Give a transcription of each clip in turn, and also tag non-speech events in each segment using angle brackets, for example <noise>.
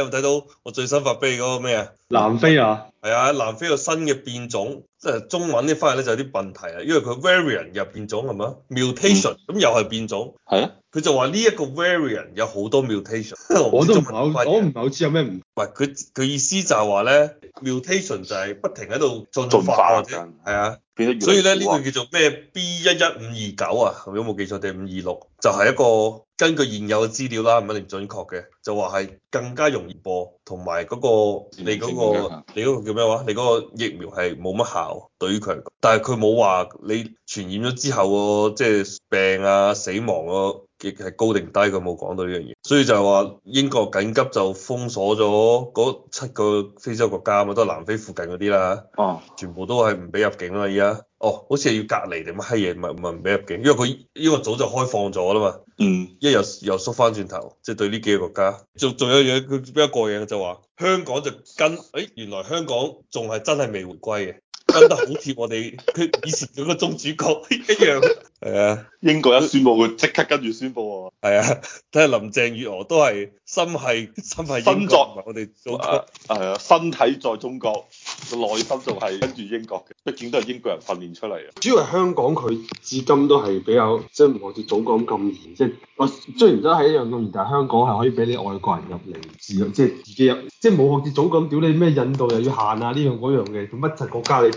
有冇睇到我最新發俾你嗰個咩啊？南非啊！係啊，南非個新嘅變種，即係中文呢翻嚟咧就有啲問題啊，因為佢 variant 又變種係嘛，mutation 咁又係變種，係、嗯、啊，佢就 utation,、嗯、話呢一個 variant 有好多 mutation，我都唔係，我唔係好知有咩唔唔係佢佢意思就係話咧 mutation 就係不停喺度進化，係啊，變得越嚟越快，所以咧呢個叫做咩 B 一一五二九啊，有冇記錯定五二六，26，就係一個根據現有嘅資料啦，唔一定準確嘅，就話係更加容易播。同埋嗰個你嗰個你嗰個叫咩話？你嗰個疫苗係冇乜效對於佢，但係佢冇話你傳染咗之後個即係病啊、死亡啊亦係高定低，佢冇講到呢樣嘢。所以就係話英國緊急就封鎖咗嗰七個非洲國家啊嘛，都係南非附近嗰啲啦。哦，全部都係唔俾入境啦而家哦，好似係要隔離定乜閪嘢，唔係唔俾入境，因為佢呢個早就開放咗啦嘛。嗯，一又又縮翻轉頭，即、就、係、是、對呢幾個國家。仲有嘢，佢比較過癮嘅就話、是，香港就跟，誒，原來香港仲係真係未回歸嘅。 <laughs> 跟得好貼我哋，佢以前嗰個宗主國一樣。係啊，英國人宣佈，佢即刻跟住宣佈喎。係啊，睇下林鄭月娥都深係心係心係英國，唔係我哋做。係啊，啊、身體在中國，個內心仲係跟住英國嘅，畢竟都係英國人訓練出嚟嘅。主要係香港佢至今都係比較即係唔好似早講咁嚴，即係我雖然都係一樣咁但係香港係可以俾你外國人入嚟治，即係自己入，即係冇好似早咁屌你咩印度又要限啊呢樣嗰樣嘅，乜就國家你？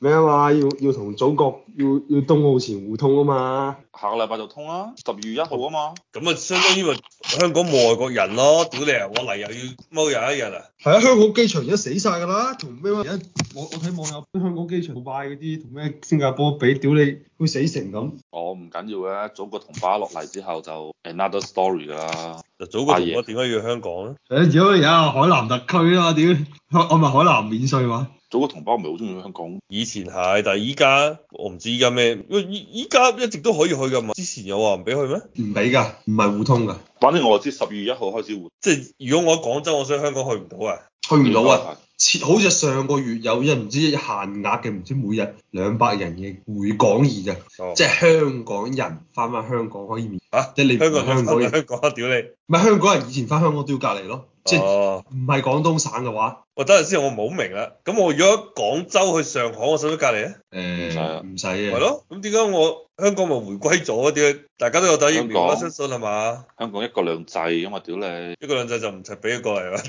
咩、啊、嘛？要要同祖國要要東澳前互通啊嘛！下個禮拜就通啦，十二月一號啊嘛！咁啊，相當於香港冇外國人咯，屌你啊！我嚟又要踎又一日啊！係啊，香港機場而家死晒㗎啦，同咩嘛？而家我我睇網友香港機場倒閉嗰啲同咩新加坡比，屌你，會死成咁！我唔緊要嘅，祖國同胞落嚟之後就 another story 噶、啊、啦。祖國同胞點解要香港咧？誒、啊，如果而家海南特區啦、啊，屌，我咪海南免稅嘛？早個同胞我唔係好中意香港。以前係，但係依家我唔知依家咩，因為依依家一直都可以去㗎嘛。之前有話唔俾去咩？唔俾㗎，唔係互通㗎。反正我知十二月一號開始換。即係如果我喺廣州，我想香港去唔到啊？去唔到啊？好似上個月有一唔知限額嘅，唔知每日兩百人嘅回港易啫。Oh. 即係香港人翻翻香港可以免。嚇、啊！即係你香港香港香港，屌你！咪香，香，香，香，香，香港人以前翻香港都要隔離咯。即唔係廣東省嘅話，我、哦、等陣先，我唔好明啦。咁我如果喺廣州去上海，我使唔使隔離咧？誒、欸，唔使啊，唔使啊。係咯，咁點解我香港咪回歸咗啲？大家都有底，疫苗港，相信係嘛？香港一國兩制啊嘛，屌你！一國兩制就唔使俾佢過嚟啦.。 <laughs>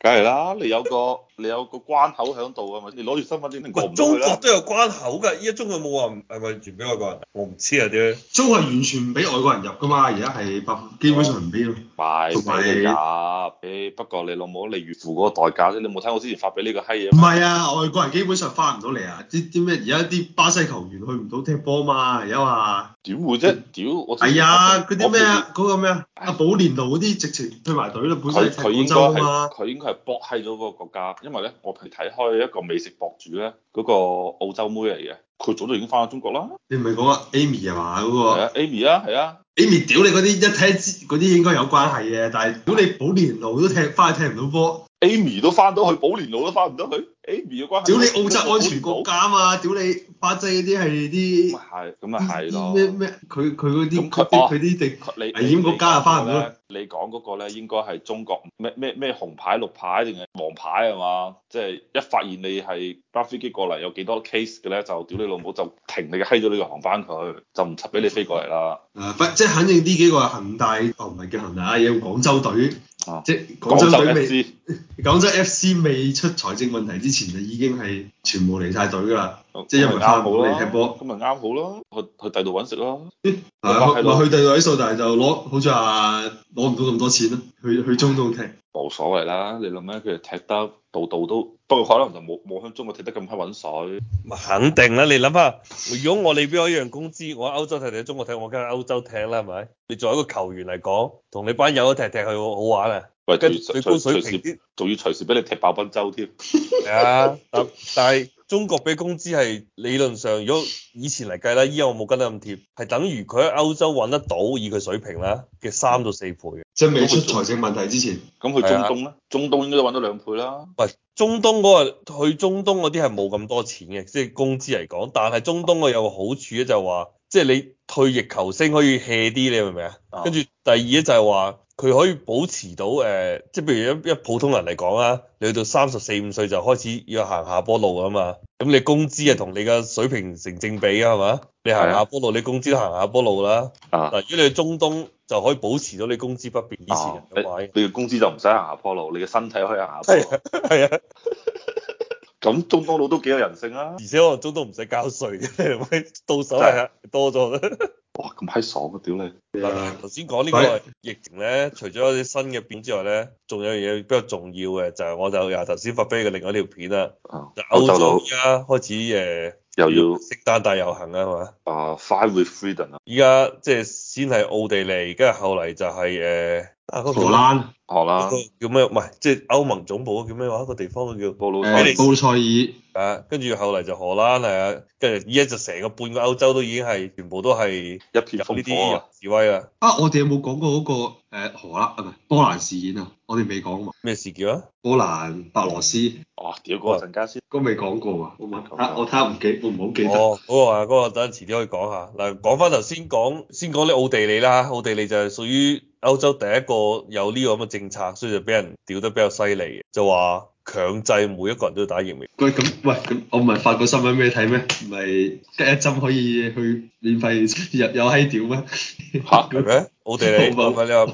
梗係啦，你有個你有個關口喺度，啊嘛。你攞住身份證過唔去啦。中國都有關口㗎，依家中國冇話唔咪完全俾外國人？我唔知啊，啲中國係完全唔俾外國人入㗎嘛，而家係基本上唔俾咯。唔係、哦，同埋不、哎、不過你老母，你預付嗰個代價啫。你冇睇我之前發俾呢個閪嘢？唔係啊，外國人基本上翻唔到嚟啊！啲啲咩？而家啲巴西球員去唔到踢波嘛？而啊嘛？點會啫？屌我。係啊，嗰啲咩啊？嗰個咩啊？阿寶蓮路嗰啲直情退埋隊啦，本身佢佢應佢應該。係博喺咗嗰個國家，因為咧，我係睇開一個美食博主咧，嗰個澳洲妹嚟嘅，佢早就已經翻咗中國啦。你唔係講講 Amy 係嘛？個係啊 Amy 啊，係啊。Amy, 啊啊 Amy 屌你嗰啲一聽知嗰啲應該有關係嘅，但係如果你保年路都踢，翻去踢唔到波。Amy 都翻到去寶蓮路都翻唔到去，Amy 嘅關？屌你澳洲安全國家啊嘛，屌你法制嗰啲係啲，咁咪係，咁咪係咯。咩咩佢佢啲佢啲佢啲危險國家又翻唔到。你講嗰個咧，應該係中國咩咩咩紅牌綠牌定係黃牌啊嘛？即係一發現你係搭飛機過嚟有幾多 case 嘅咧，就屌你老母就停你嘅閪咗你個航班佢，就唔插俾你飛過嚟啦。即係肯定呢幾個係恒大，哦唔係叫恒大啊，係廣州隊。即係廣州隊未，廣州 FC, FC, FC 未出財政問題之前，就已經係全部離晒隊㗎啦。即係因為啱好咯，踢波咁咪啱好咯，去去第度揾食咯。係啊，話去第度喺蘇迪就攞，好似話攞唔到咁多錢咯。去去中東踢，OK，冇所謂啦。你諗咧，佢哋踢得度度都，不過可能就冇冇喺中國踢得咁閪揾水。咪肯定啦！你諗下，如果我哋邊個一樣工資，我喺歐洲踢定喺中國踢，我梗係歐洲踢啦，係咪？你作為一個球員嚟講，同你班友一踢踢係好好玩啊。喂，最高要水平仲隨時要隨時俾你踢爆賓州添。係 <laughs> 啊，但係。但中國俾工資係理論上，如果以前嚟計啦，依家我冇跟得咁貼，係等於佢喺歐洲揾得到，以佢水平啦嘅三到四倍嘅。即係未出財政問題之前。咁去中東咧？中東應該都揾到兩倍啦。喂，中東嗰、嗰個去中東嗰啲係冇咁多錢嘅，即係工資嚟講。但係中東我有個好處咧、就係，就係話，即係你退役球星可以 hea 啲，你明唔明啊？跟住第二咧就係、係、話。佢可以保持到誒，即、呃、係譬如一一普通人嚟講啊，你去到三十四五歲就開始要行下坡路啊嘛。咁你工資係，同你嘅水平成正比啊係嘛？你行下坡路，你工資都行下坡路啦。嗱、啊，如果你去中東，就可以保持到你工資不變。以前人嘅話，啊、你嘅工資就唔使行下坡路，你嘅身體可以行下坡路。係啊，咁、啊、 <laughs> <laughs> 中東路都幾有人性啊！而且我話中東唔使交稅，唔 <laughs> 到手係是的多咗哇！咁閪傻嘅、啊，屌你！嗱、啊，頭先講呢個疫情咧，以除咗啲新嘅片之外咧，仲有樣嘢比較重要嘅就係、是，我就又頭先發俾你嘅另外一條片啦。啊，歐洲佬而家開始誒，呃、又要、呃、色丹大遊行啊，係嘛？啊 Fight with freedom！依家即係先係奧地利，跟住後嚟就係、是、誒，啊、呃、嗰、那個。荷蘭，啦叫咩？唔係，即係歐盟總部叫咩話？一個地方叫布魯塞，誒布魯塞爾。啊，跟住後嚟就荷蘭嚟啊，跟住依家就成個半個歐洲都已經係全部都係一片烽火示威啦。啊，我哋有冇講過嗰、那個誒荷蘭啊？唔係波蘭事件啊，我哋未講喎。咩事叫啊？波蘭、白羅斯。哦，屌哥啊！陣間先，啊、都未講過喎。我問我睇唔記，我唔好記得。哦，嗰嗰、啊啊那個，等陣遲啲可以講下。嗱，講翻頭先講，先講啲奧地利啦。奧地利就係屬於歐洲第一個有呢、這個咁嘅政策，雖然就俾人屌得比較犀利就話。強制每一個人都打疫苗。佢咁喂咁，我唔係發過新聞俾你睇咩？唔係得一針可以去免費入有閪屌咩？嚇咁咩？奧地利唔係啊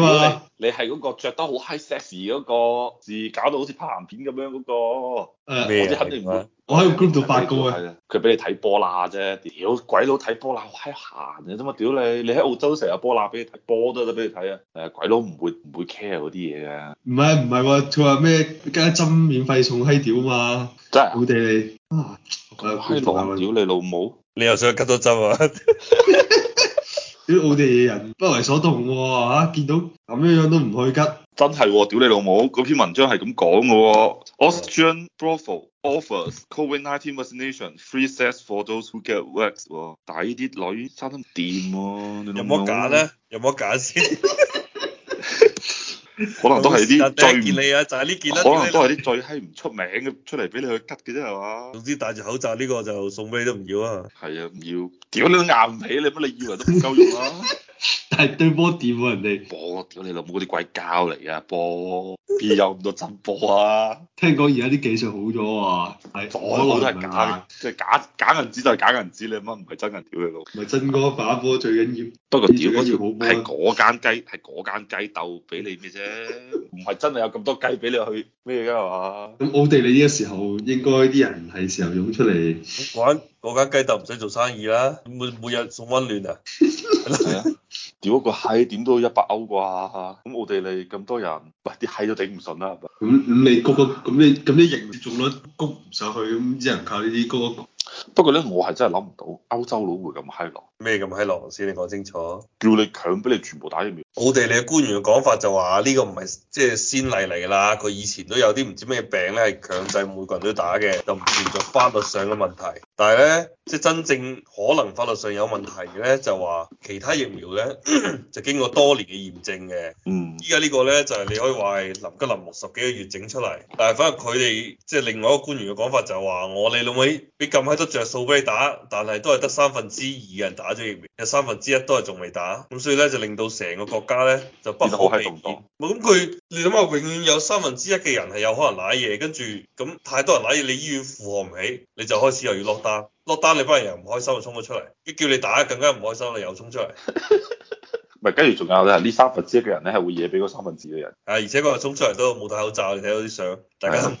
嘛？ <laughs> 嗎你係嗰個著得，那個、得好 high sexy 嗰個，字、啊，搞到好似拍鹹片咁樣嗰個。誒，肯定唔會。我喺 group 度發過啊。佢俾你睇波啦啫，屌鬼佬睇波啦，閪閒嘅啫嘛，屌你！你喺澳洲成日波啦俾你睇波都得俾你睇啊。誒，鬼佬唔會唔會，會 care 嗰啲嘢㗎。唔係唔係喎，佢話咩？加針免費送閪屌嘛，真係，好哋啊！屌你老母，你又想吉多針啊？啲奧地利人不為所動喎嚇，見到咁樣樣都唔去吉。真係喎，屌你老母，嗰篇文章係咁講嘅喎。Austrian brothel offers COVID-19 vaccination free sex for those who get vaxxed。但係呢啲女差得掂喎，有冇假咧？有冇假先？可能都係啲最唔見你啊，就係呢件啦。 <music> 可能都係啲最閪唔出名嘅出嚟俾你去拮嘅，啫係嘛。總之戴住口罩呢個就送咩都唔要啊，係啊唔要。屌你都捱唔起，你乜你以為都唔夠用啊！ <laughs> 但係對波點喎人哋？波屌你老母嗰啲鬼膠嚟啊波！播邊有咁多震波啊！聽講而家啲技術好咗啊！左攞都係假，即係假假銀紙就係假銀紙，你乜唔係真銀條嚟㗎？唔係真哥把波最緊要，不過屌嗰條係嗰間雞係嗰間雞竇俾你咩啫？唔係真係有咁多雞俾你去咩㗎係嘛？咁、嗯、奧地利呢個時候應該啲人係時候湧出嚟玩嗰間雞竇唔使做生意啦，每每日送溫暖啊！啊！ <laughs> <laughs> 屌嗰個蟹點都一百歐啩，咁奧地利咁多人，喂啲蟹都頂唔順啦，咁咁、嗯嗯、你個個咁、嗯、你咁你盈跌重率谷唔上去，咁只能靠呢啲高一高。不過咧，我係真係諗唔到歐洲佬會咁嗨咯。咩咁閪落先？你講清楚，叫你強俾你全部打疫苗。奧地利嘅官員嘅講法就話呢、這個唔係即係先例嚟啦，佢以前都有啲唔知咩病咧，係強制每個人都打嘅，就唔存在法律上嘅問題。但係咧，即係真正可能法律上有問題咧，就話其他疫苗咧 <laughs> 就經過多年嘅驗證嘅。嗯。依家呢個咧就係、是、你可以話係臨急臨忙十幾個月整出嚟，但係反而佢哋即係另外一個官員嘅講法就話我哋老味你咁閪得着數俾你打，但係都係得三分之二嘅人打。打咗疫苗，有三分之一都係仲未打，咁所以咧就令到成個國家咧就不可避免。咁佢你諗下，永遠有三分之一嘅人係有可能瀨嘢，跟住咁太多人瀨嘢，你醫院負荷唔起，你就開始又要落單。落單你班人又唔開心，就衝咗出嚟，叫你打更加唔開心，你又衝出嚟。唔跟住仲有咧，呢三分之一嘅人咧係會惹俾嗰三分之一嘅人。係、啊，而且嗰個衝出嚟都冇戴口罩，你睇到啲相，大家的。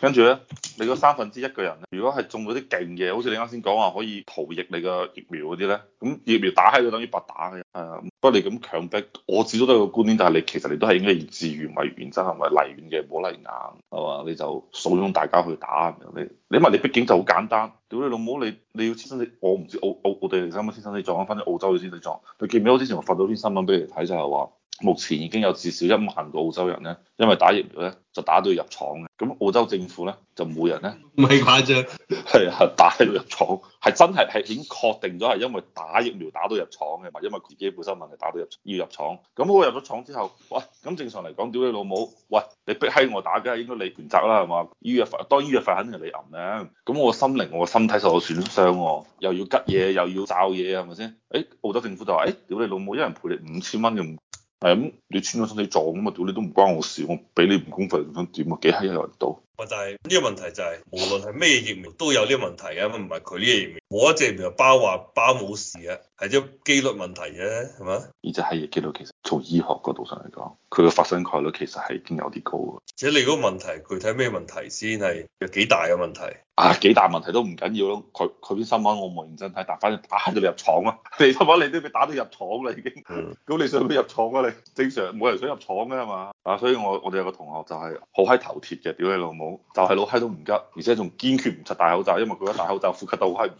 跟住咧，你嗰三分之一嘅人咧，如果係中到啲勁嘅，好似你啱先講話可以逃疫你個疫苗嗰啲咧，咁疫苗打喺就等於白打嘅。係啊，不過你咁強逼，我始終都係個觀點就，就係你其實你都係應該以自願為原則，唔係嚟軟嘅，唔好嚟硬，係嘛？你就慫恿大家去打咁樣，你你，你因為你畢竟就好簡單。屌你老母！你你要資深啲，我唔知。澳澳奧地利三蚊資深啲，撞翻翻咗澳洲去先至撞。你記唔記得我之前我發咗篇新聞俾你睇就係話。目前已經有至少一萬個澳洲人咧，因為打疫苗咧就打到入廠嘅。咁澳洲政府咧就每人咧，唔係誇張，係啊， <laughs> 打到入廠係真係係已經確定咗係因為打疫苗打到入廠嘅，唔係因為自己本身問題打到入要入廠。咁我入咗廠之後，喂，咁正常嚟講，屌你老母，喂，你逼喺我打嘅，應該你全責啦，係嘛？醫藥費當醫藥費肯定係你揞嘅。咁我心靈我身體受到損傷，啊，我又要拮嘢又要找嘢，係咪先？誒、欸、澳洲政府就話誒，屌、欸、你老母，一人賠你五千蚊嘅。係咁、嗯，你穿咗身底撞咁啊，屌你都唔關我事，我俾你唔公費仲想點啊？幾閪一人到。哇！但係呢個問題就係、是，無論係咩疫苗都有呢個問題啊，唔係佢呢樣疫苗，我一隻疫苗話包冇事嘅，係啲機率問題嘅，係嘛？而就係機率其做醫學角度上嚟講，佢嘅發生概率其實係已經有啲高嘅。而且你嗰個問題，具體咩問題先係？有幾大嘅問題？啊，幾大問題都唔緊要咯。佢佢啲新聞我冇認真睇，但係反正打到你入廠啊。你新聞你都俾打到入廠啦，已經。咁、嗯、你想點入廠啊？你正常冇人想入廠嘅係嘛？啊，所以我我哋有個同學就係好嗨頭鐵嘅，屌你老母，就係、是、老閪都唔急，而且仲堅決唔執大口罩，因為佢覺得大口罩呼吸得好閪唔。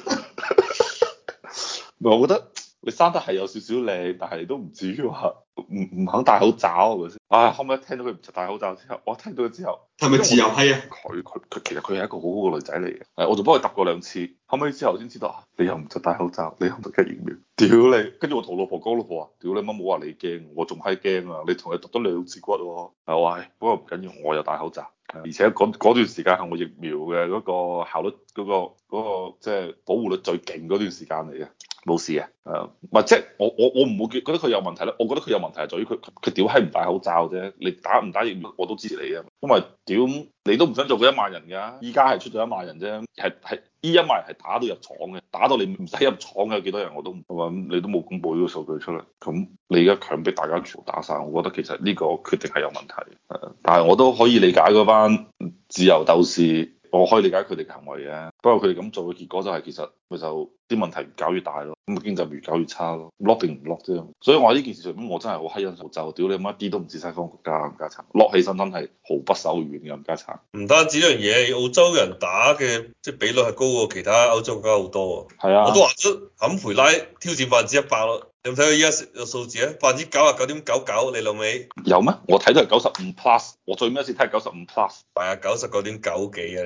<laughs> <laughs> 我覺得。你生得係有少少靚，但係都唔至於話唔唔肯戴口罩係咪先？啊、哎，後尾、哎、呀一聽到佢唔著戴口罩之後，我聽到佢之後係咪自由係啊？佢佢佢其實佢係一個好好嘅女仔嚟嘅。我仲幫佢揼過兩次，後尾之後先知道、哎、你又唔著戴口罩，你又唔得嘅疫苗。屌你！跟住我同老婆講老婆啊，屌你媽冇話你驚，我仲係驚啊！你同佢揼咗兩次骨喎、啊。係、哎，不過唔緊要，我又戴口罩，而且嗰段時間係我疫苗嘅嗰、那個效率，嗰、那個即係、那個那個那個就是、保護率最勁嗰段時間嚟嘅。冇事啊，誒，唔係即係我我我唔會覺得佢有問題啦，我覺得佢有問題係在於佢佢屌閪唔戴口罩啫，你打唔打疫苗我都支持你啊，因為屌你都唔想做佢一萬人㗎，依家係出咗一萬人啫，係係依一萬人係打到入廠嘅，打到你唔使入廠嘅幾多人我都唔，咁你都冇公佈呢個數據出嚟，咁你而家強迫大家全部打晒，我覺得其實呢個決定係有問題，但係我都可以理解嗰班自由鬥士。我可以理解佢哋嘅行為嘅，不過佢哋咁做嘅結果就係其實佢就啲問題越搞越大咯，咁經濟越搞越差咯，落定唔落啫。所以我話呢件事上咁，我真係好乞人憎澳洲，就屌你媽一啲都唔似西方國家冚家鏟，落起身真係毫不手軟嘅冚家鏟。唔單止呢樣嘢，澳洲人打嘅即係比率係高過其他歐洲國家好多啊。係啊，我都話咗坎培拉挑戰百分之一百咯。你 yes、99. 99, 你有冇睇而家個數字啊？百分之九啊九點九九，你老味？有咩？我睇到係九十五 plus，我最尾一次睇係九十五 plus，係啊，九十九點九幾啊，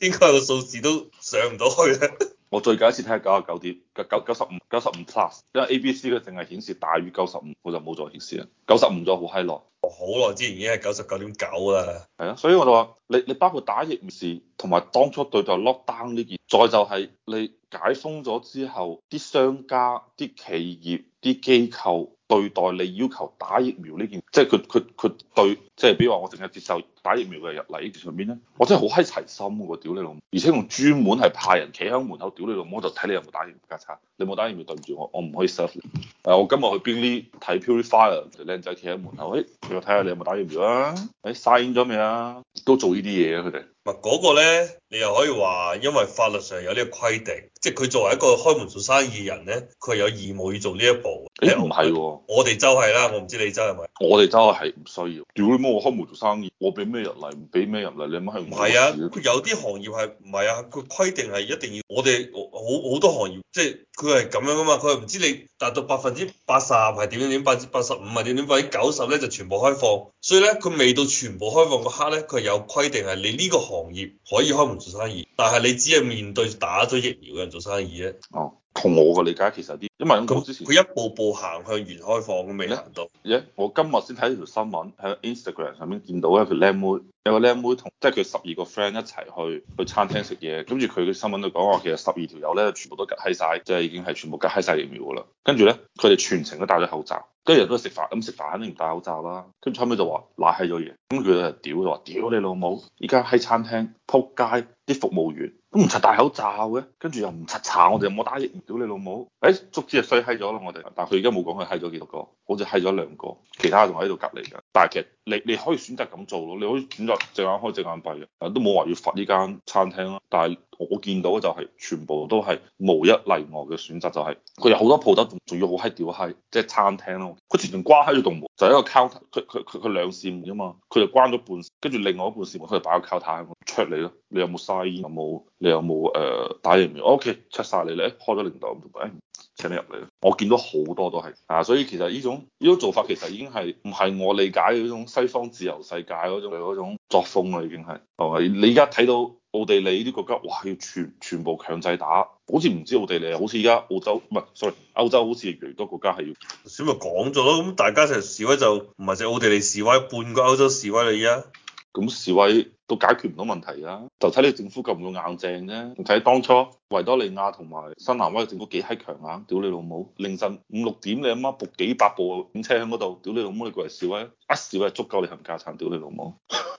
應該個數字都上唔到去啦。我最尾一次睇係九啊九點九九十九十五九十五 plus，因為 A B C 佢淨係顯示大於九十五，我就冇再顯示啦。九十五咗好閪耐，好耐、哦、之前已經係九十九點九啦。係啊，所以我就話你你包括打疫苗時。同埋當初對待 lockdown 呢件，再就係你解封咗之後，啲商家、啲企業、啲機構對待你要求打疫苗呢件，即係佢佢佢對，即係比如話我淨係接受打疫苗嘅人入嚟上邊咧，我真係好閪齊心喎！屌你老母，而且仲專門係派人企喺門口，屌你老母就睇你有冇打疫苗架叉，你冇打疫苗對唔住我，我唔可以 serve 你、啊、我今日去邊啲睇 purifier 嘅靚仔企喺門口，誒、欸，我睇下你有冇打疫苗啊？s 誒，曬煙咗未啊？都做呢啲嘢啊！佢哋。嗰個咧，你又可以話，因為法律上有呢個規定。即係佢作為一個開門做生意嘅人咧，佢係有義務要做呢一步。誒唔係喎，我哋就係啦，我唔知你就係咪。我哋就係唔需要。屌你媽！我開門做生意，我俾咩入嚟？唔俾咩入嚟？你阿媽係唔？唔係啊，佢有啲行業係唔係啊？佢規定係一定要。我哋好好多行業即係佢係咁樣噶嘛。佢係唔知你達到百分之八十係點點點，百分之八十五係點點，百分之九十咧就全部開放。所以咧，佢未到全部開放嗰刻咧，佢有規定係你呢個行業可以開門做生意，但係你只係面對打咗疫苗嘅。做生意咧，哦，同我嘅理解其實啲，因為咁之前佢一步步行向原開放嘅未啊，行到，咦？Yeah, 我今日先睇條新聞喺 Instagram 上面見到一個靚妹，有個靚妹同即係佢十二個 friend 一齊去去餐廳食嘢，跟住佢嘅新聞就講話，其實十二條友咧全部都隔閪曬，即係已經係全部隔閪曬疫苗噶啦。跟住咧，佢哋全程都戴咗口罩，跟住都去食飯，咁食飯肯定唔戴口罩啦。跟住後尾就話賴閪咗嘢，咁佢就屌就話屌你老母，而家喺餐廳撲街啲服務員，都唔擦大口罩嘅，跟住又唔擦擦，我哋又冇打疫苗屌你老母。誒足之就衰閪咗啦我哋，但係佢而家冇講佢閪咗幾多個，好似閪咗兩個，其他仲喺度隔離緊。但係其實你你可以選擇咁做咯，你可以選擇隻眼開隻眼閉嘅，都冇話要罰呢間餐廳啦。但係我見到就係全部都係無一例外嘅選擇、就是，就係佢有好多鋪頭仲仲要好閪屌閪，即係餐廳咯，佢全全瓜閪咗棟門。就一個 counter，佢佢佢佢兩扇門嘛，佢就關咗半，跟住另外一半扇門，佢就擺個 counter 枱 <noise> 出嚟咯。你有冇嘥煙？有冇？你有冇誒打疫苗？O K，check 曬你咧，誒開咗零度咁多，誒、哎、請你入嚟啦。我見到好多都係啊，所以其實呢種呢種做法其實已經係唔係我理解嘅嗰種西方自由世界嗰種嗰種作風啦，已經係係你而家睇到。奧地利呢啲國家，哇，要全全部強制打，好似唔止奧地利啊，好似而家澳洲，唔係，sorry，歐洲好似越嚟越多國家係要。小妹講咗咯，咁大家成示威就唔係淨奧地利示威，半個歐洲示威啦而家。咁示威都解決唔到問題啊，就睇你政府夠唔夠硬正啫、啊。睇當初維多利亞同埋新南威政府幾閪強硬，屌你老母！凌晨五六點，你阿媽僕幾百部警車響嗰度，屌你老母你過嚟示威，一示威足夠你冚家鏟，屌你老母！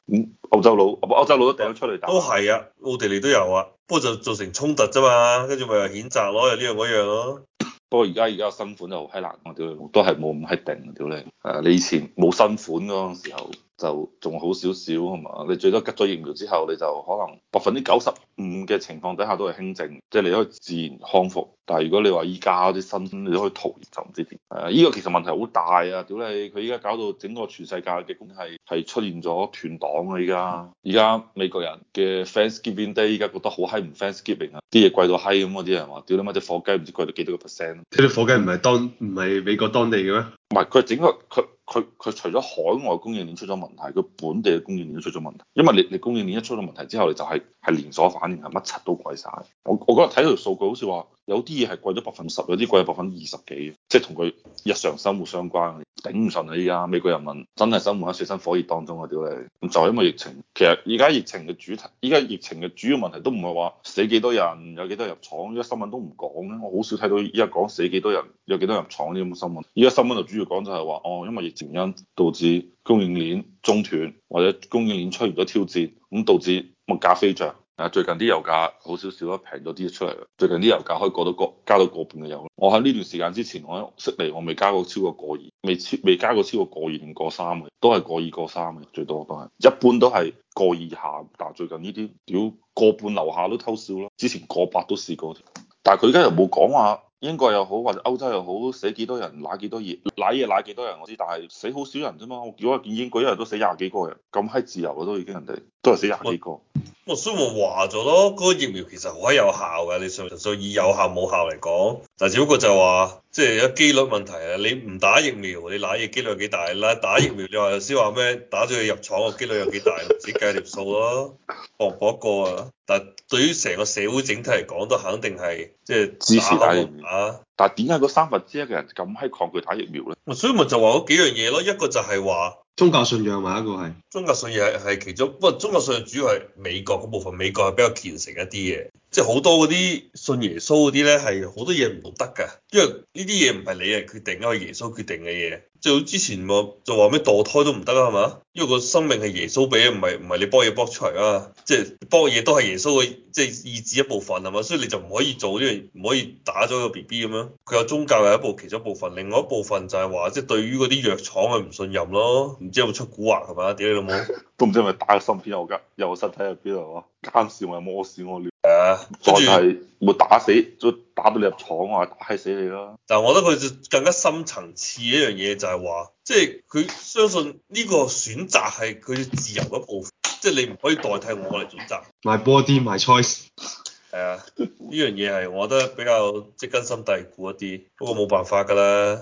咁歐洲佬，唔歐洲佬都掟咗出嚟打，都係啊，奧地利都有啊，不過就造成衝突啫嘛，跟住咪又譴責咯，又呢樣嗰樣咯。 <coughs> 不過而家而家新款就好閪難、啊，我屌你，都係冇咁閪定、啊，屌你。誒，你以前冇新款嗰陣時候，就仲好少少係嘛？你最多拮咗疫苗之後，你就可能百分之九十五嘅情況底下都係輕症，即係你可以自然康復。但係如果你話依家啲新，你都可以逃，就唔知點。係啊，依個其實問題好大啊！屌你，佢依家搞到整個全世界嘅經濟係出現咗斷檔啊！依家，依家美國人嘅 Thanksgiving Day 依家覺得好閪唔 Thanksgiving 啊！啲嘢貴到閪咁嗰啲人話，屌你媽隻火雞唔知貴到幾多個 percent？呢啲火雞唔係當唔係美國當地嘅咩？唔係，佢整個佢。佢佢除咗海外供應鏈出咗問題，佢本地嘅供應鏈都出咗問題。因為你你供應鏈一出咗問題之後，你就係、係、係連鎖反應，係乜柒都貴晒。我我嗰日睇到數據，好似話。有啲嘢係貴咗百分之十，有啲貴咗百分之二十幾，即係同佢日常生活相關，頂唔順啊！依家美國人民真係生活喺水深火熱當中啊！屌你，咁就係因為疫情。其實依家疫情嘅主題，依家疫情嘅主要問題都唔係話死幾多人，有幾多人入廠，依家新聞都唔講嘅。我好少睇到依家講死幾多人，有幾多人入廠呢啲咁嘅新聞。依家新聞就主要講就係話，哦，因為疫情原因導致供應鏈中斷，或者供應鏈出現咗挑戰，咁導致物價飛漲。啊！最近啲油價好少少咯，平咗啲出嚟啦。最近啲油價可以過到個，加到個半嘅油。我喺呢段時間之前，我喺悉尼，我未加過超過個二，未超未加過超過個二定個三嘅，都係個二個三嘅最多都係。一般都係個二下，但最近呢啲屌個半樓下都偷笑咯。之前個百都試過，但係佢而家又冇講話。英國又好或者歐洲又好，死幾多人攋幾多嘢，攋嘢攋幾多人我知，但係死好少人啫嘛。我見英國一日都死廿幾個人，咁閪自由嘅都已經都人哋都係死廿幾個。我所以我話咗咯，嗰個疫苗其實好有效㗎。你純粹以有效冇效嚟講。但只不過就話，即係有機率問題啊！你唔打疫苗，你攋嘢機率有幾大啦？打疫苗你，你話先話咩？打咗入廠個機率有幾大？唔知計條數咯，過唔過啊？但係對於成個社會整體嚟講，都肯定係即係支持打疫苗。打但係點解個三分之一嘅人咁係抗拒打疫苗咧？所以咪就話嗰幾樣嘢咯，一個就係話宗教信仰、啊，咪一個係宗教信仰係係其中，不過宗教信仰主要係美國嗰部分，美國係比較虔誠一啲嘅。即係好多嗰啲信耶穌嗰啲咧，係好多嘢唔得㗎，因為呢啲嘢唔係你嚟決定，因為耶穌決定嘅嘢。就之前咪就話咩墮胎都唔得啦，係嘛？因為個生命係耶穌俾，唔係唔係你博嘢博出嚟啊。即係博嘢都係耶穌嘅，即係意志一部分係嘛？所以你就唔可以做呢樣，唔可以打咗個 B B 咁樣。佢有宗教係一部其中一部分，另外一部分就係話即係對於嗰啲藥廠係唔信任咯。唔知有冇出蠱惑，係嘛，屌你老母 <laughs> 都唔知係咪打個心片入間，又個身體入邊度嘛？監視我，魔視我料啊！跟住冇打死，打到你入廠啊！打死你啦！但係我覺得佢更加深層次一樣嘢就係話，即係佢相信呢個選擇係佢自由嘅部分，即係你唔可以代替我嚟選擇。My body, my choice。係啊，呢樣嘢係我覺得比較即根深蒂固一啲，不過冇辦法㗎啦。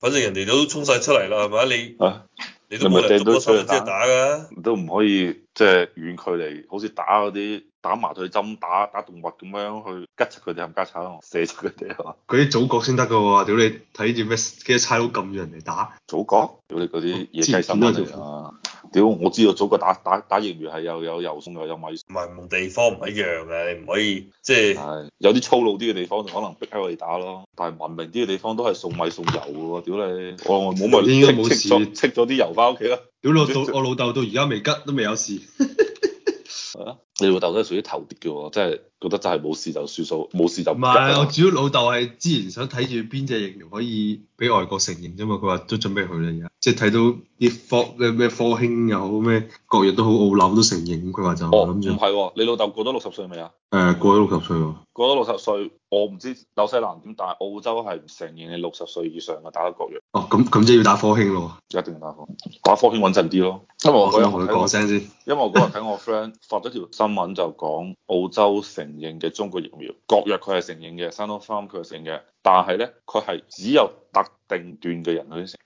反正人哋都衝晒出嚟啦，係咪你啊，你都唔係捉即係打㗎，都唔可以即係遠距離，好似打嗰啲。打麻醉針，打打動物咁樣去吉住佢哋冚家鏟咯，射住佢哋係嘛？啲祖國先得㗎喎！屌你睇住咩？幾多差佬撳住人嚟打祖國？屌你嗰啲嘢，雞心嚟啊！屌，我知道祖國打打打疫苗係又有油送又有，有米。唔係地方唔一樣嘅，啊，你唔可以即係有啲粗魯啲嘅地方就可能逼下我哋打咯。但係文明啲嘅地方都係送米送油嘅喎！屌你， <laughs> 我冇咪積積咗積咗啲油返屋企啦！屌我老我老豆到而家未吉，都未有事。你老豆都係屬於投敵嘅喎，即係。覺得就係冇事就算數，冇事就唔係，但係我主要老豆係之前想睇住邊隻疫苗可以俾外國承認啫嘛，佢話都準備去啦而家，即係睇到啲科咩咩科興又好咩，國藥都好，澳紐都承認，佢話就咁樣。哦，唔係你老豆過咗六十歲未啊？誒、呃，過咗六十歲喎。過咗六十歲，我唔知紐西蘭點，但係澳洲係唔承認你六十歲以上嘅打得國藥。哦，咁咁即係要打科興咯，一定要打科興，打科興穩陣啲咯。因為我嗰日、哦、先，因為我嗰日睇我 friend 發咗條新聞就講澳洲成。承認嘅中國疫苗，國藥佢係承認嘅，Sinopharm 佢係承認嘅，但係呢，佢係只有特定段嘅人嗰啲承。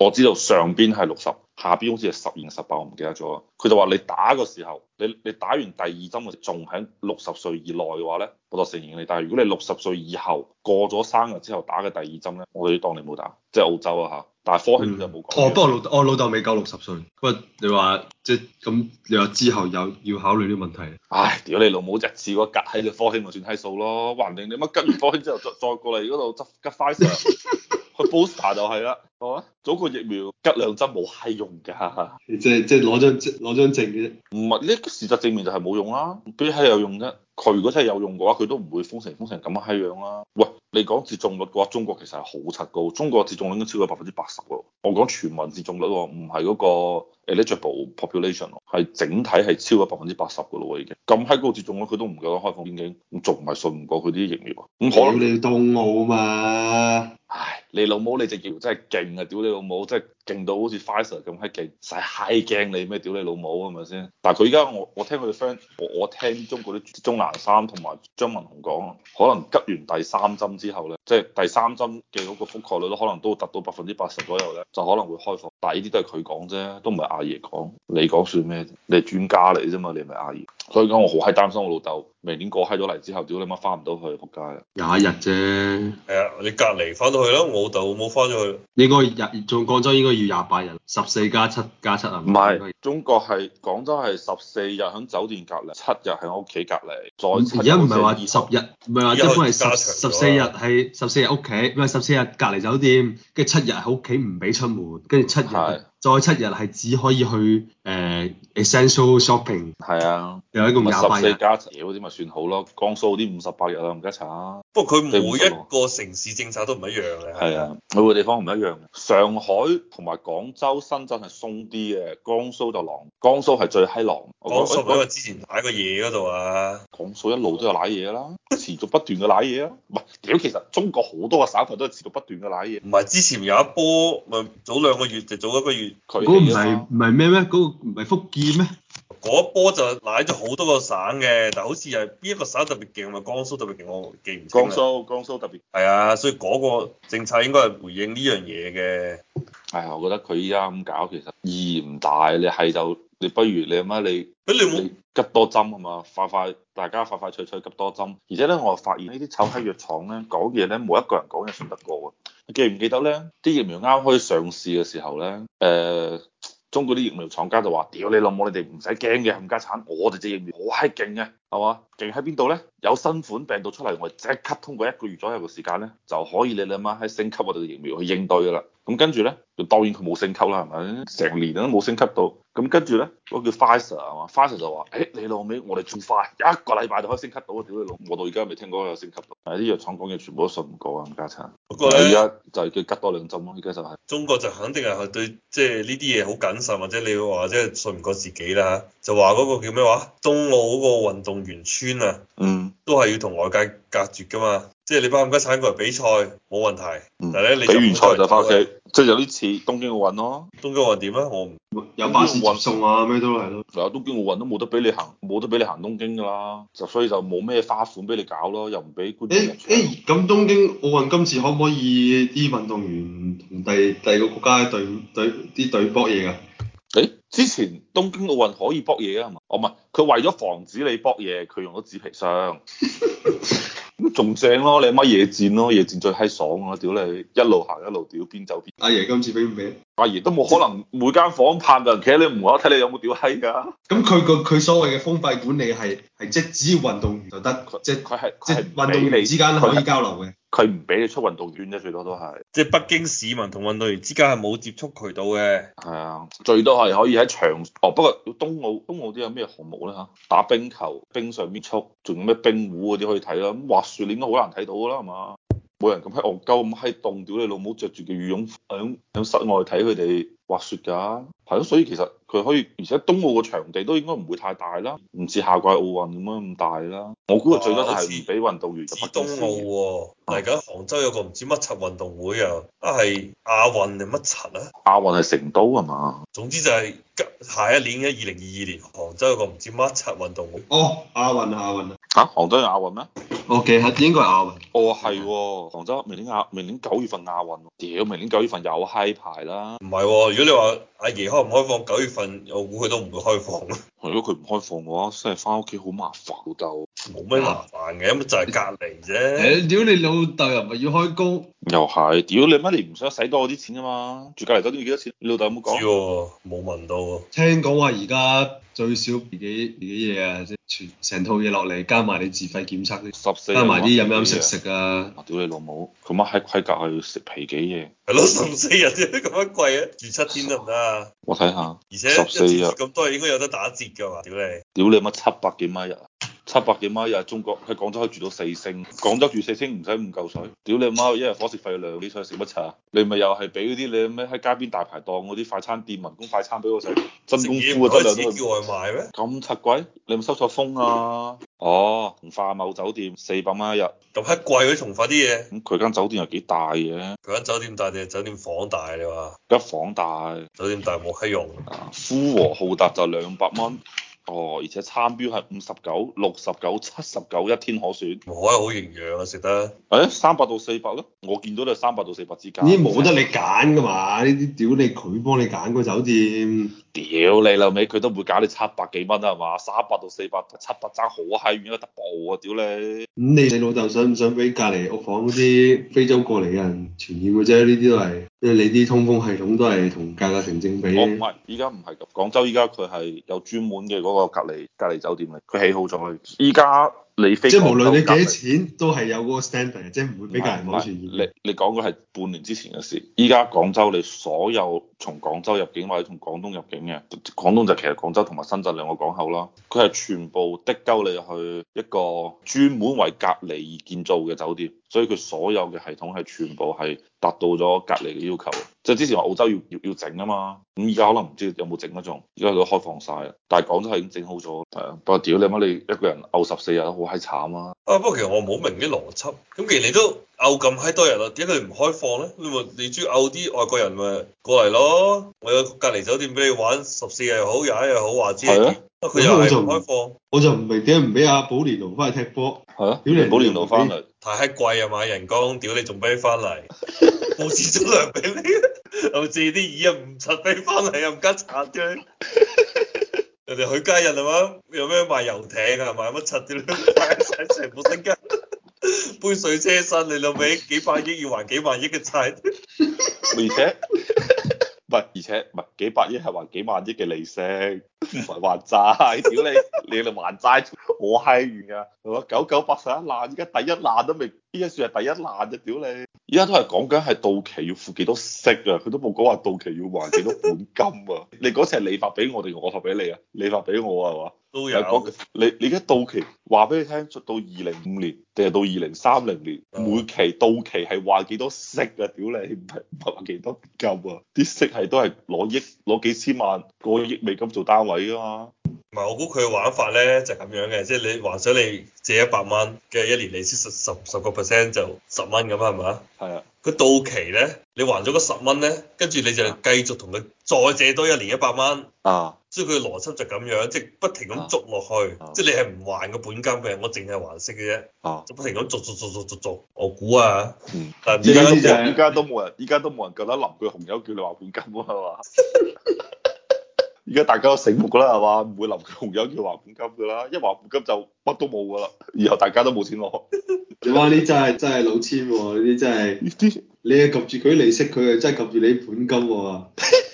我知道上邊係六十，下邊好似係十零十八，我唔記得咗。佢就話你打嘅時候，你你打完第二針嘅時，仲喺六十歲以內嘅話呢，我就承認你。但係如果你六十歲以後過咗生日之後打嘅第二針呢，我哋當你冇打。即係澳洲啊嚇。但係科興就冇講。哦，不過老我老豆未夠六十歲。喂，你話即咁，你話之後又要考慮啲問題咧？唉，如果你老母隻字喎隔喺你科興，咪算閪數咯。還定你乜隔完科興之後，再再過嚟嗰度執吉 Pfizer 去 booster 就係啦。係、啊、嘛？早個疫苗吉兩針冇閪用㗎。即即攞張攞張證嘅啫。唔係，呢事實證明就係冇用啦。邊閪有用啫？佢如果真係有用嘅話，佢都唔會封城封成咁閪樣啦。喂！你講接種率嘅話，中國其實係好閪高，中國嘅接種率應該超過百分之八十喎。我講全民接種率喎，唔係嗰個 eligible population，係整體係超過百分之八十嘅咯喎已經。咁閪高接種率，佢都唔夠開放邊境，仲唔係信唔過佢啲營業？咁、嗯、我哋都冇嘛。唉，你老母你隻疫苗真係勁啊！屌你老母，真係勁到好似 Pfizer 咁閪勁，使閪驚你咩？屌你老母係咪先？但係佢而家我我聽佢哋 friend，我我聽中國啲鍾南山同埋張文宏講，可能急完第三針之後咧。即係第三針嘅嗰個覆蓋率都可能都達到百分之八十左右咧，就可能會開放。但係呢啲都係佢講啫，都唔係阿爺講。你講算咩？你係專家嚟啫嘛，你係咪阿爺？所以講我好閪擔心我老豆明年過閪咗嚟之後，屌你媽翻唔到去仆街啊，廿一日啫。係啊、哎，你隔離翻到去啦，我老豆冇翻咗去。你該廿仲廣州應該要廿八日，十四加七加七啊？唔係。5, 中國係廣州係十四日喺酒店隔離，七日喺我屋企隔離，再。而後家唔係話二十日，唔係話即係本嚟十十四日係十四日屋企，唔係十四日隔離酒店，跟住七日喺屋企唔俾出門，跟住七日。再七日係只可以去誒、uh, Essential Shopping，係啊，又一咁壓咪十四加嘢嗰啲咪算好咯，江蘇啲五十八日啊，唔得炒。不過佢每一個城市政策都唔一樣嘅，係啊，每個的、嗯、地方唔一樣。上海同埋廣州、深圳係鬆啲嘅，江蘇就狼，江蘇係最閪狼。江蘇嗰個之前瀨過嘢嗰度啊，江蘇一路都有瀨嘢啦， <laughs> 持續不斷嘅瀨嘢啊！唔係，屌，其實中國好多個省份都係持續不斷嘅瀨嘢。唔係，之前有一波咪 <laughs> 早兩個月就早一個月。嗰唔係唔係咩咩？嗰個唔係、那個、福建咩？嗰一波就奶咗好多個省嘅，但好似係邊一個省特別勁？咪江蘇特別勁，我記唔記得？江蘇江蘇特別係啊，所以嗰個政策應該係回應呢樣嘢嘅。係啊、哎，我覺得佢依家咁搞其實意唔大你係就。你不如你阿媽你，哎你冇急多針啊嘛，快快大家快快脆脆急多針，而且咧我發現藥廠呢啲臭閪藥廠咧講嘢咧，冇一個人講嘢信得過，你記唔記得咧？啲疫苗啱開上市嘅時候咧，誒、呃、中國啲疫苗廠家就話：屌你老母你哋唔使驚嘅，冚家鏟，我哋隻疫苗好閪勁嘅。係嘛？仲要喺邊度咧？有新款病毒出嚟，我即刻通過一個月左右嘅時間咧，就可以你阿媽喺升級我哋嘅疫苗去應對噶啦。咁跟住咧，就當然佢冇升級啦，係咪？成年都冇升級到。咁跟住咧，嗰、那個、叫 Pfizer 係嘛？Pfizer 就話：誒、欸，你老尾，我哋最快一個禮拜就可以升級到。屌你老，我到而家未聽過有升級到。係啲藥廠講嘢全部都信唔過啊，冚家鏟。不過咧，而家就係叫吉多兩針咯，而家就係、是。中國就肯定係對，即係呢啲嘢好謹慎，或者你話即係信唔過自己啦就話嗰個叫咩話？中澳嗰個運動。員村啊，嗯，都係要同外界隔絕噶嘛，即係你巴五吉散過嚟比賽冇問題，嗯、但係咧你比完賽就返屋企，即係有啲似東京奧運咯、啊。東京奧運點啊？我有巴士運送啊，咩都係咯。嗱，東京奧運都冇得俾你行，冇得俾你行東京㗎啦，就所以就冇咩花款俾你搞咯，又唔俾觀眾入場。誒誒，咁東京奧運今次可唔可以啲運動員同第第二個國家隊隊啲隊搏嘢㗎？之前東京奧運可以搏嘢啊，係嘛？哦，唔係，佢為咗防止你搏嘢，佢用咗紙皮箱。咁仲 <laughs> 正咯，你乜嘢戰咯？野戰最閪爽啊！屌你，一路行一路屌，邊走邊。阿、啊、爺今次俾唔俾？阿、啊、爺都冇可能每間房拍㗎，其實你唔話，睇你有冇屌閪㗎。咁佢個佢所謂嘅封閉管理係係即只要運動員就得，他即佢係即運動員之間可以交流嘅。佢唔俾你出運動圈啫，最多都係即係北京市民同運動員之間係冇接觸渠道嘅。係啊，最多係可以喺場哦。不過冬奧冬奧啲有咩項目咧嚇？打冰球，冰上邊速，仲有咩冰壺嗰啲可以睇啦、啊。咁滑雪你應該好難睇到噶啦，係嘛？冇人咁喺戇鳩咁閪凍，屌你老母著著，着住件羽絨喺喺室外睇佢哋滑雪㗎。係咯，所以其實。佢可以，而且冬奧個場地都應該唔會太大啦，唔似夏季奧運咁樣咁大啦。我估佢最多係俾運動員就北冬奧喎、啊，係、啊、杭州有個唔知乜柒運動會啊！一係亞運定乜柒啊？亞運係成都啊嘛？總之就係下一年嘅二零二二年，杭州有個唔知乜柒運動會。哦，亞運啊，亞運啊！嚇，杭州有亞運咩？我記係應該亞運，哦係，杭州明年亞，明年九月份亞運，屌，明年九月份又 h 排啦。唔係、哦，如果你話阿傑開唔開放九月份，我估佢都唔會開放咯。如果佢唔開放嘅話，真係翻屋企好麻煩，老豆、啊。冇咩麻煩嘅，咁就係隔離啫。屌、哎，你老豆又咪要開工？又係，屌你媽！你唔想使多啲錢啊嘛？住隔離酒店要幾多，多錢？你老豆有冇講？冇問、哦、到。聽講話而家最少自幾幾夜啊？全成套嘢落嚟，加埋你自費檢測啲，十四日加埋啲飲飲食食啊，啊！屌你老母，咁乜喺規格係要食皮幾嘢？係咯，十四日啫，咁乜貴啊？住七天得唔得啊？我睇下，而且十四日咁多應該有得打折噶嘛？屌你，屌你乜七百幾蚊一日啊？七百幾蚊一日，中國喺廣州可以住到四星。廣州住四星唔使咁夠水。屌你媽，一日伙食費量你，是是你想食乜茶？你咪又係俾嗰啲你咩喺街邊大排檔嗰啲快餐店、民工快餐俾我食，真功夫都係。食嘢唔使叫外賣咩？咁七鬼？你唔收錯風啊？哦，從化某酒店四百蚊一日。咁閪貴喎從化啲嘢。咁佢間酒店又幾大嘅，啊？佢間酒店大定係酒店房大你話？間房大，酒店大冇閪用。呼和浩達就兩百蚊。哦，而且餐標係五十九、六十九、七十九一天可選。我覺得好營養啊，食得。誒，三百到四百咯，我見到都係三百到四百之間，呢冇得你揀噶嘛，呢啲屌你，佢幫你揀個酒店。屌你老味，佢都會搞你七百幾蚊啊，係嘛？三百到四百七百爭好閪遠，一特步啊，屌你！咁你你老豆想唔想俾隔離屋房嗰啲非洲過嚟人傳染嘅、啊、啫？呢啲都係，因為你啲通風系統都係同價格成正比我。我唔係，依家唔係咁。廣州依家佢係有專門嘅嗰個隔離隔離酒店嘅，佢起好咗。依家。即係無論你幾多錢，都係有嗰個 standard 即係唔會俾隔離，你你講嘅係半年之前嘅事，依家廣州你所有從廣州入境或者從廣東入境嘅，廣東就其實廣州同埋深圳兩個港口咯，佢係全部的勾你去一個專門為隔離而建造嘅酒店。所以佢所有嘅系統係全部係達到咗隔離嘅要求，即係之前話澳洲要要要整啊嘛有有整。咁而家可能唔知有冇整嗰種，而家都開放晒，但係廣州係已經整好咗，係啊。不過屌你媽，你一個人漚十四日都好閪慘啊。啊，不過其實我冇明啲邏輯。咁既然你都漚咁閪多人啊，點解佢唔開放咧？你咪你中意漚啲外國人咪過嚟咯。我有隔離酒店俾你玩十四日又好，廿一日又好，話之係咯。咁的我就唔開放，我就唔明點解唔俾阿保連奴翻去踢波。係啊，你保連奴翻嚟。買喺貴啊，買人工，屌你仲俾翻嚟，冇出糧俾你、啊，好似啲椅啊唔拆俾翻嚟又唔加茶啫、啊，人哋許家人啊嘛，有咩賣遊艇是是有啊，賣乜柒啲啦，賣晒全部身家，杯水車薪，你老味幾百億要還幾萬億嘅債，而且唔係而且唔係幾百億係還幾萬億嘅利息。唔係還債，屌你！你哋還債，我閪完啊，係嘛？九九八十一難，依家第一難都未，邊一算係第一難啫，屌你！依家都係講緊係到期要付幾多息啊，佢都冇講話到期要還幾多本金啊。 <laughs> 你嗰次係你發俾我定我發俾你啊？你發俾我係嘛？都有。你你而家到期話俾你聽，到二零五年定係到二零三零年，每期到期係話幾多息啊？屌你唔係唔係話幾多金啊？啲息係都係攞億攞幾千萬個億美金做單位㗎嘛？我估佢嘅玩法咧就係咁樣嘅，即係你幻想你借一百蚊嘅，一年利息十十十個 percent 就十蚊咁係嘛？係啊。佢到期咧，你還咗嗰十蚊咧，跟住你就繼續同佢再借多一年一百蚊。啊。所以佢嘅邏輯就咁樣，即係不停咁續落去，即係你係唔還個本金嘅，我淨係還息嘅啫。就不停咁續續續續續續。我估啊，但係而家而家都冇人，而家都冇人夠膽淋佢紅油叫你還本金啊嘛。而家大家都醒目噶啦，係嘛？唔會臨紅日叫還本金噶啦，一還本金就乜都冇噶啦，以後大家都冇錢攞、哦。 <laughs> 你話你，你真係真係老千喎，啲真係，你係及住佢利息，佢係真係及住你本金喎、哦，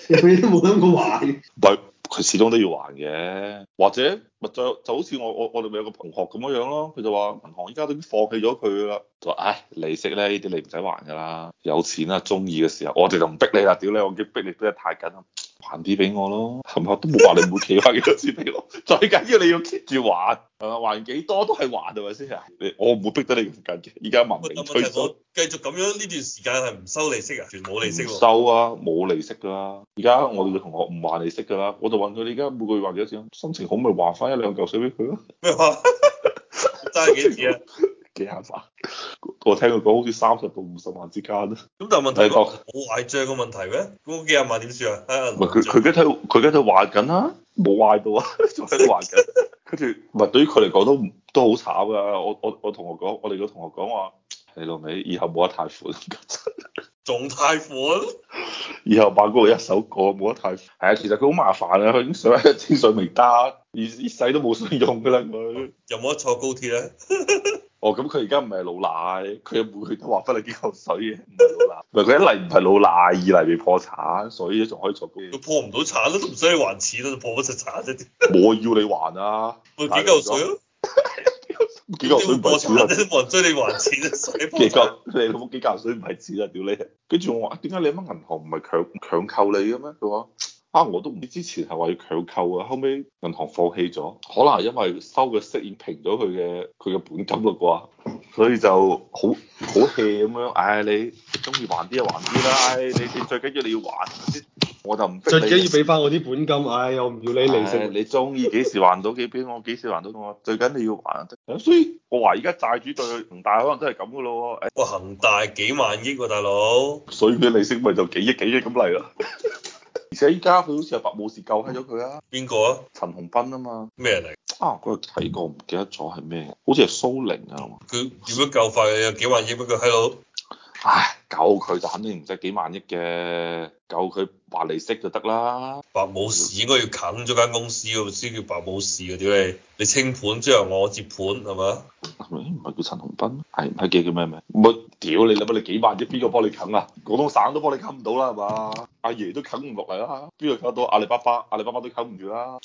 你都冇諗過還。 <laughs> 唔係，佢始終都要還嘅。或者咪就就好似我我我哋咪有個同學咁樣樣咯，佢就話銀行依家都已經放棄咗佢啦。就話唉，利息咧呢啲你唔使還噶啦，有錢啊中意嘅時候，我哋就唔逼你啦，屌你，你，我驚逼你逼得太緊。還啲俾我咯，係咪都冇話你唔會企翻幾多錢俾我？ <laughs> 最緊要你要 keep 住還，係嘛？還幾多都係還，係咪先啊？你我唔會逼得你唔緊嘅，而家文明催咗。繼續咁樣呢段時間係唔收利息，利息啊？全冇利息。收啊，冇利息噶啦。而家我哋嘅同學唔還利息噶啦，我就問佢你而家每個月還，多還 <laughs> 幾多錢？心情好咪還翻一兩嚿水俾佢咯。咩話？真係幾錢啊？ <laughs> 幾廿萬？我聽佢講，好似三十到五十萬之間。咁但係問，但我 問題，冇壞賬個問題咩？咁幾廿萬點算啊？佢佢而家喺度，佢而家喺度還緊啦，冇壞到啊，仲喺度還緊。佢哋唔係，對於佢嚟講都都好慘噶。我我我同學講，我哋個同學講話：，你老味以後冇得貸款，仲貸款？以後八哥一手過，冇得貸款。係啊，其實佢好麻煩啊。佢上清水名單，而而使都冇信用噶啦。佢又冇得坐高鐵啊。 <laughs> 哦，咁佢而家唔係老賴，佢又每佢都話翻你幾嚿水嘅，唔係老賴。唔係佢一嚟唔係老賴，二嚟未破產，所以仲可以坐佢。都破唔到產都唔使還錢啦，只破咗柒產啫？ <laughs> 我要你還啊！ <laughs> 幾嚿水咯？ <laughs> 幾嚿個水破產啫，冇人追你還錢啊！幾嚿？ <laughs> 你老母幾嚿水唔係錢啊！屌你！跟住我話，點解你乜銀行唔係強強扣你嘅咩？佢話。啊！我都唔知之前係話要強購啊，後尾銀行放棄咗，可能係因為收嘅息已平咗佢嘅佢嘅本金啦啩，所以就好好 hea 咁樣。唉、哎，你中意還啲就還啲啦。唉、哎，你最緊要你要還，我就唔最緊要俾翻我啲本金。唉、哎，我唔要你利息，哎、你中意幾時還到幾邊 <laughs> 我幾時還到我。最緊你要還。所以，我話而家債主對恒大可能都係咁噶咯喎。恒、哎、大幾萬億喎、啊，大佬。所以佢利息咪就幾億幾億咁嚟咯。而且依家佢好似有白武士救起咗佢啊，邊個啊？陳宏斌啊嘛，咩嚟？啊，嗰日睇過唔記得咗係咩，好似係蘇寧啊嘛，佢點樣救法嘅？有幾萬億俾佢喺度。唉，救佢就肯定唔使幾萬億嘅，救佢還利息就得啦。白武士應該要啃咗間公司，先叫白武士嘅屌你！你清盤之後我接盤係咪？唔係叫陳宏斌，係唔係叫叫咩名？唔好屌你諗乜？你幾萬億邊個幫你啃啊？廣東省都幫你啃唔到啦係嘛？阿爺，爺都啃唔落嚟啦，邊度啃到阿里巴巴？阿里巴巴都啃唔住啦。